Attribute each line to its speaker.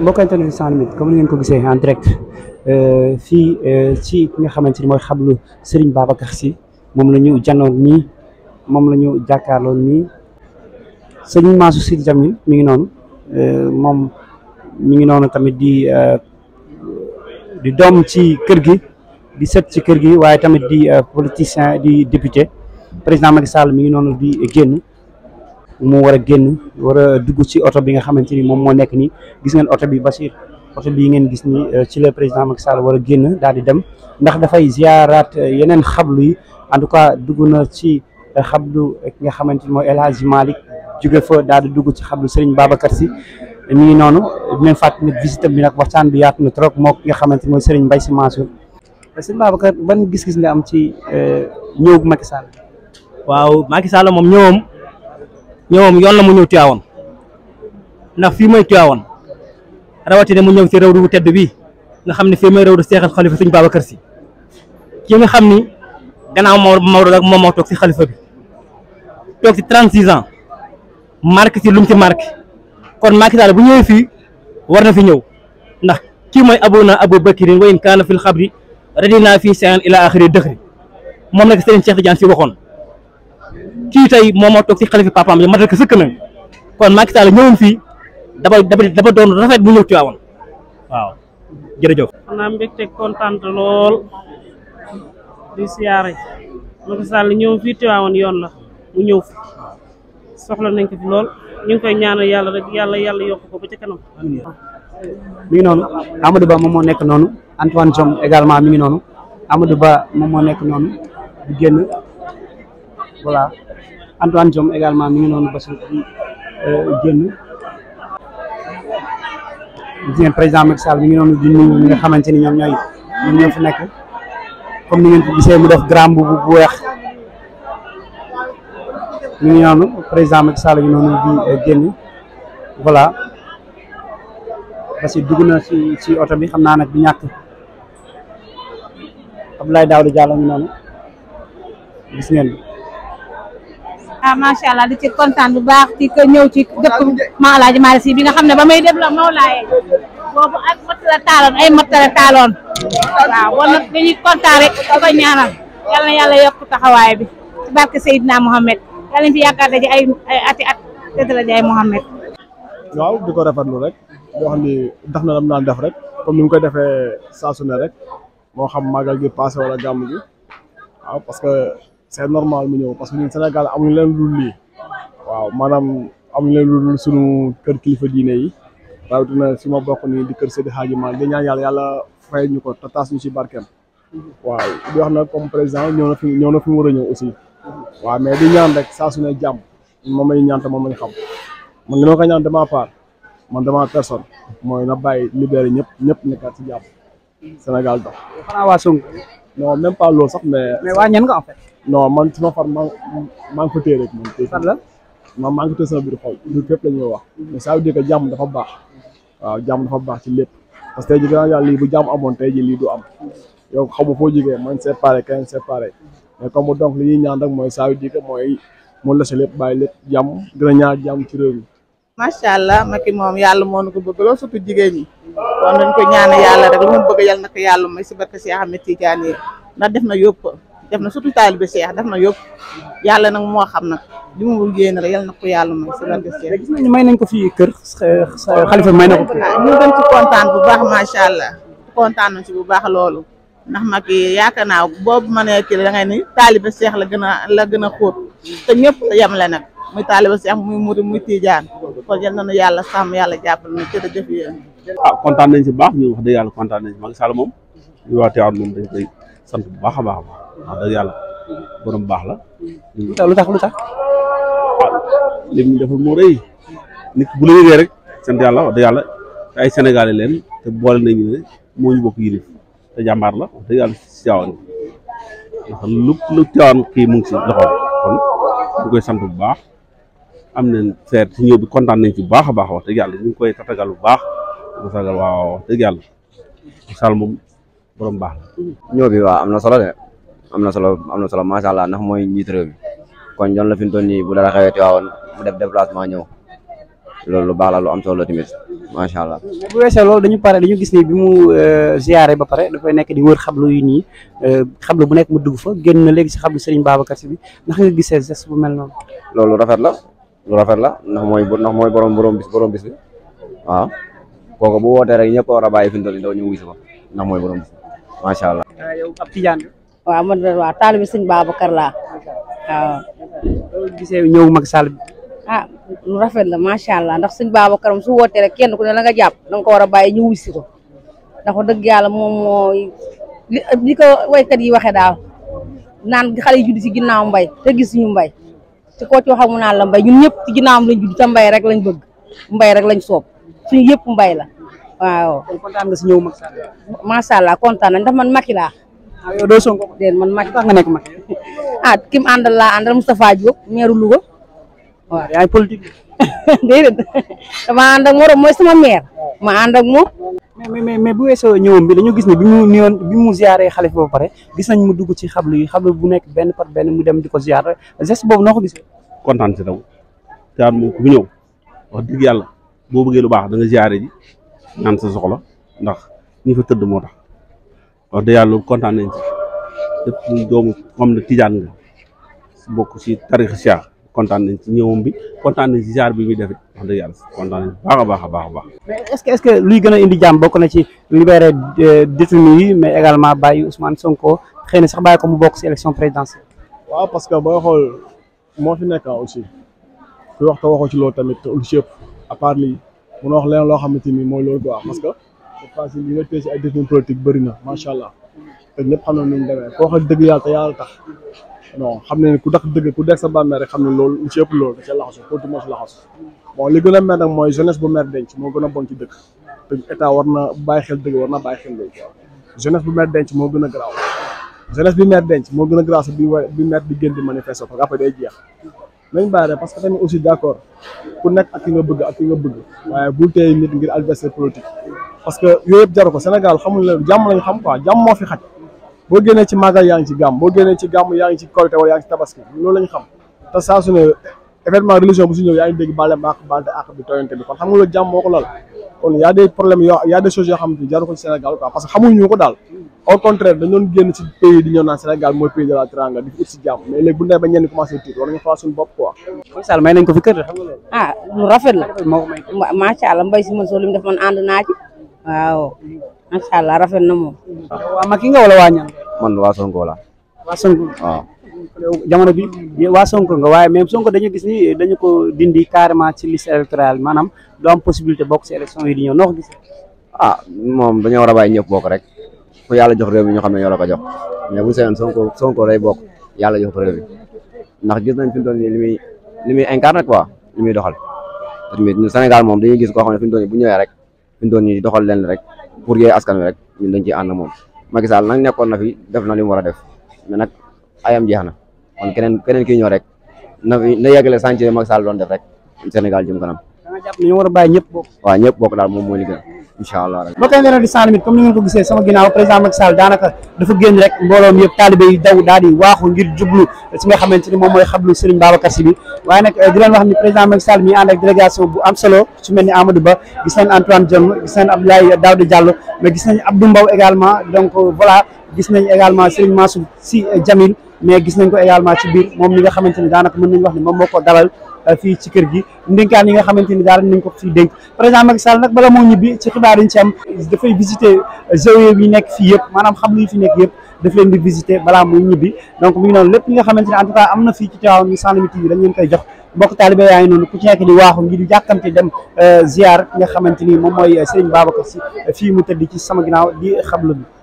Speaker 1: mbokk internet Sans comme ni ngeen ko gisee en direct euh, fii euh, ci ki nga xamante ni mooy xablu Serigne Babacar si moom la ñu janoon nii moom la ñu jàkkaarloon nii Serigne Mansour Sy Djamil mi ngi noonu euh, moom mi ngi noonu tamit di di doom ci kër gi di sët ci kër gi waaye tamit di politicien di député président Macky Sall mi ngi noonu di génn mu war a génn war a dugg ci oto bi nga xamante ni moom moo nekk nii gis ngeen oto bi Bachir oto bii ngeen gis ni euh, ci la président Macky Sall war a génn daal di dem ndax dafay ziaraat euh, yeneen xablu yi en tout cas dugg na ci euh, xablu ki nga xamante ni mooy El Hadji Malick jóge fa daal di dugg ci xablu Serigne baabakat si ñu ngi noonu dinañ fàttali nag visite bi nag waxtaan bi yaatu na trop moo ki nga xamante ni mooy Serigne Mbaye Sy Mansour Serigne ban gis-gis nga am ci ñëw Macky Sall waaw Macky ñëwam yoon la mu ñëw Tiwaawan ndax fii mooy Tiwaawan rawatina mu ñëw ci réew bu tedd bii nga xam ne fii mooy réew du seexal xalifa sëñ Babacar Si ki nga xam ni gannaaw Maodo rek moom moo toog si xalifa bi toog ci 36 ans marqué ci lu mu ci marqué kon Macky Sall bu ñëwee fii war na fi ñëw ndax kii mooy abuna abou bakirin wa in kaana fil xabri radina fii sayan ila axiri dëxri moom nag Serigne Cheikh Tidiane si waxoon kii tey moom moo toog si xalifi papaam la matal ko sëkk nañ kon Macky Sall ñëwoon fii dafa dafa dafa doon rafet bu ñëw ci waawoon waaw jërëjëf. xanaa mbégte kontaan lool di siyaare Macky Sall ñëw fii Tiwaawan yoon la mu ñëw soxla nañ ko fi lool ñu ngi koy ñaanal yàlla rek yàlla yàlla yokk ko ba ca kanam. noonu Amadou Ba moom moo nekk noonu Antoine Diome également mi ngi noonu Amadou Ba moom moo nekk noonu di génn voilà. Antoine Diome également mu ngi noonu Bassirou euh, génn gis ngeen président Macky Sall mi ngi noonu di nuyu ñi nga xamante ni ñoom ñooy ñoom ñoo fi nekk comme ni ngeen gisee mu def grand bu bu weex mi ngi noonu président Macky Sall ngi euh, voilà parce dugg na ci ci oto bi xam naa nag du ñàkk Abdoulaye Daouda Diallo ngi noonu gis ngeen. ah macha allah di ci kontaan bu baax ci ko ñëw ci dëkk Maam Alaaji Si bi nga xam ne ba may def la Mawlaaye boobu ak mat taaloon ay mat taaloon waaw bon dañuy kontaan rek di ñaanal yal na yàlla yokk taxawaay bi ci barke Seydina Mohamed yal nañu fi yaakaar daje ay ay
Speaker 2: waaw di ko rafetlu rek boo xam ni daf na lam naan def rek comme ni mu koy defee saa ne rek moo xam màggal gi passé wala gàmm gi waaw parce que. c'est normal mu ñëw parce que ñun Sénégal amuñu leen lu lii waaw maanaam amuñu leen lu suñu kër kilifa diine yi rawatina si ma bokk nii di kër Seydi Hadji Malick di ñaan yàlla yàlla fay ñu ko te ñu si barkeem waaw di wax nag comme président ñëw na fi ñëw na fi mu war a ñëw aussi waaw mais di ñaan rek saa su ne jàmm moom lañ ñaan te moom lañ xam man li ma ko ñaan dama part man personne mooy na bàyyi libéré ñëpp ñëpp nekkaat si jàmm Sénégal dox. xanaa non man su ma far maa maa ngi ko téye rek man. la man maa ngi ko téye sama biir la ñuy wax. mais ça veut dire que jàmm dafa baax. waaw jàmm dafa baax ci lépp parce que tey jii gannaaw yàlla bu jàmm amoon tey jii lii am. yow xamu foo jigee man séparé keneen séparé mais comme li ñuy ñaan rek mooy ça veut dire que mooy mu lépp bàyyi lépp jàmm gën ñaar jàmm ci réew mi.
Speaker 1: macha allah Macky moom yàlla moo nu ko bëgg lool surtout jigéen ñi kon dañ ko ñaan yàlla rek lu mu bëgg yàlla na ko yàlla may si barke si Ahmed Tidiane ndax def na yëpp def na surtout taalibe Cheikh def na yëpp yàlla nag moo xam nag li mu yéene rek yàlla na ko yàlla may si barke Cheikh. gis nañu nañ ko fii kër xalifa may na ko. ñu gën ci bu baax macha allah kontaan nañ bu baax loolu ndax mag yi yaakaar naa boobu ma ne kii da ngay ni taalibe Cheikh la gën a la gën a xóot te ñëpp yemle nag muy taalibe Cheikh muy murid muy tijaan kon yal na nu yàlla sàmm yàlla jàppal na jërëjëf yéen. ah
Speaker 3: kontaan nañ si baax ñu wax yàlla kontaan nañ si Macky Sall moom moom dañ koy sant bu baax a baax a baax wax dëgg yàlla borom baax la. lu tax lu tax. Ah, li mu defal moo rëy nit bu la yëgee rek sant yàlla wax yàlla te ay sénégalais leen te boole nañu ne moo ñu bokk yilif te jàmbaar la wax dëgg yàlla si Tiwaawan ndax lu lu Tiwaawan kii mu ngi si loxoom kon ñu koy sant bu baax am ne seet si ñëw bi kontaan nañ ci bu baax a baax wax yàlla ñu ngi koy tatagal bu baax di ko sagal waaw moom borom baax la.
Speaker 4: ñoo bi waaw am na solo de. am na solo am na solo macha allah ndax mooy njiit kon ñoon la fi mu toll nii bu dara xewee Tiwaawoon mu def déplacement ñëw loolu lu baax la lu am solo tamit macha allah.
Speaker 1: bu weesoo loolu dañu pare dañu gis ni bi mu euh, ziare ba pare dafay nekk di wër xablu yu nii euh, xablu bu nekk mu dugg fa génn na léegi si xablu Serigne Babacar Sy bi ndax nga gisee geste bu mel noonu.
Speaker 4: loolu rafet la lu la ndax mooy ndax mooy borom borom bis borom bis bi waaw kooku bu wootee rek ñëpp war a bàyyi fi mu toll nii daw ñu wuyu si ko ndax mooy borom bis macha allah.
Speaker 1: Ah, waaw man waaw taalibe sëñ Babacar laa waaw. loolu gisee ñëw mag Sall bi. ah lu rafet la macha allah ndax sëñ Babacar su wootee rek kenn ku ne la nga jàpp da nga ko war a bàyyi ñu wisi ko ndax dëgg yàlla moom moo li ko waykat yi waxee daal naan xale yi judd si ginnaaw mbay te gis ñu mbay te koo ci wax mu naan la mbay ñun ñëpp ci ginnaawam lañ mbay rek lañ bëgg mbay rek lañ soob suñu yëpp mbay la waaw. kon allah kontaan ndax man Macky ah yow man Macky tax nga nekk Macky ah kim àndal laa àndal Moustapha Diop maire Louga waaw yaay politique déedéet dama ànd ak morom mooy sama maire ma ànd ak mais mais mais bu weesoo ñëwam bi dañu gis ne bi mu néewoon bi mu ziaree xalifa ba pare gis nañ mu dugg ci xablu yi xablu bu nekk benn par benn mu dem
Speaker 3: di ko ziar geste boobu noo ko gisee. kontaan si taw ziar moom ku fi ñëw wax dëgg yàlla boo bëggee lu baax da nga ziare ji ñaan sa soxla ndax ñi fa tëdd moo wax dëgg yàlla kontaan nañ ci moom la doomu xam ne tijaan nga bokk ci tarix Cheikh kontaan nañ ci ñëwam bi kontaan nañ ci ziar bi muy def wax dëgg yàlla kontaan baax a baax a baax a baax.
Speaker 1: mais est-ce que est-ce que luy gën a indi jàmm bokk na ci libéré euh, détenu yi mais également bàyyi Ousmane Sonko xëy na sax bàyyi ko mu bokk ci élection présidentielle.
Speaker 2: parce que booy xool moo fi nekk aussi te waxoo ci loolu tamit te lu a wax loo xamante ni mooy parce que li nga téye si ay bëri na macha allah te ñëpp xam nañ ñu demee koo xam dëgg yàlla te yàlla tax non xam ne ku tax dëgg ku dekk sa bàmmeel rek xam ne loolu lu ci ëpp loolu da cee laxasu politique moo si laxasu bon li gën a mer nag mooy jeunesse bu mer denc moo gën a bon ci dëkk te état na bàyyi xel dëgg war na bàyyi xel loolu jeunesse bu mer denc moo gën a garaaw jeunesse bi mer denc moo gën a garaaw bi bi mer di génn di manifester parce que après day jeex nañ baare parce que tamit aussi d' accord ku nekk ak ki nga bëgg waaye bul tey nit ngir adversaire politique parce que yooyu yëpp jaru ko Sénégal xamul la jàmm lañ xam quoi jàmm moo fi xaj boo génnee ci màggal yaa ngi ci gàmm boo génnee ci gàmm yaa ngi ci korité wala yaa ngi ci tabaski loolu lañ xam te saa su ne événement bu su ñëw yaa ngi dégg bàlle maaq balte àq bi tooyante bi kon xam nga loolu jàmm moo ko lal kon y a des problèmes yoo y xam ko ci au contraire dañu doon génn ci pays di naan Sénégal mooy pays de la di si jàmm mais léegi bu ñu ba ñenn commencé tuut war nañu faa suñu ko fi kër xam nga loolu.
Speaker 1: ah lu rafet la. macha allah mbay si man soo lim def man ànd naa ci. waaw macha allah rafet na moom. Ah, waa Macky nga wala waa ñan. man waa Sonko la. waa Sonko waaw. Ah. jamono bi waa Sonko nga waaye même Sonko dañu gis ni dañu ko dindi carrément ci liste électorale maanaam du am bokk ci élection yi di ñëw gis
Speaker 4: ah moom dañoo war a bàyyi ñëpp bokk rek ku yàlla jox réew mi ñu xam ne ñoo la ko jox mais bu seyoon Sonko Sonko day bokk yàlla jox ko mi ndax gis nañ fi mu toll nii li muy li muy incarné quoi li muy doxal tamit ñun Sénégal moom dañuy gis koo xam ne fi mu bu ñëwee rek fi mu toll doxal leen rek pour yee askan wi rek ñun dañ ci ànd moom ma Sall nag nekkoon na fi def na li mu a def mais nag ayam jeex na kon keneen keneen kii ñëw rek na na yeggale chantier Macky Sall doon def rek Sénégal jëm kanam ñu war a bàyyi ñëpp bokk waaw ñëpp bokk daal moom mooy li gën incha allah rek
Speaker 1: mbokk yi di Sans Limites comme ni ngeen ko gisee sama ginnaaw président Macky Sall daanaka dafa génn rek mbooloom yëpp taalibe daw daal di waaxu eh, mais gis nañ Abdou également donc euh, voilà gis nañ également Serigne Mansour Sy Djamil mais gis nañ ko également ci biir moom mi nga xamante ni daanaka mën nañu wax ni moom moo ko dalal Euh, fii ci kër gi ndénkaan yi nga xamante ni daal nañ ko fii dénk président Macky Sall nag bala moo ñibbi ci xibaar euh, yi nekk fii yëpp maanaam xam li fi nekk yëpp daf leen di visiter balaa muy ñibbi donc mu ngi noonu lépp li nga xamante ne en am na fii ci Tivaouane ñu Sans Limites yi dañ leen koy jox mbokk taalibe yaa ngi noonu ku ci nekk di waaxu ngir jàkkamte dem euh, ziar nga xamante ni moom mooy Serigne Babacar Sy fii mu tëdd ci sama ginnaaw di xablu bi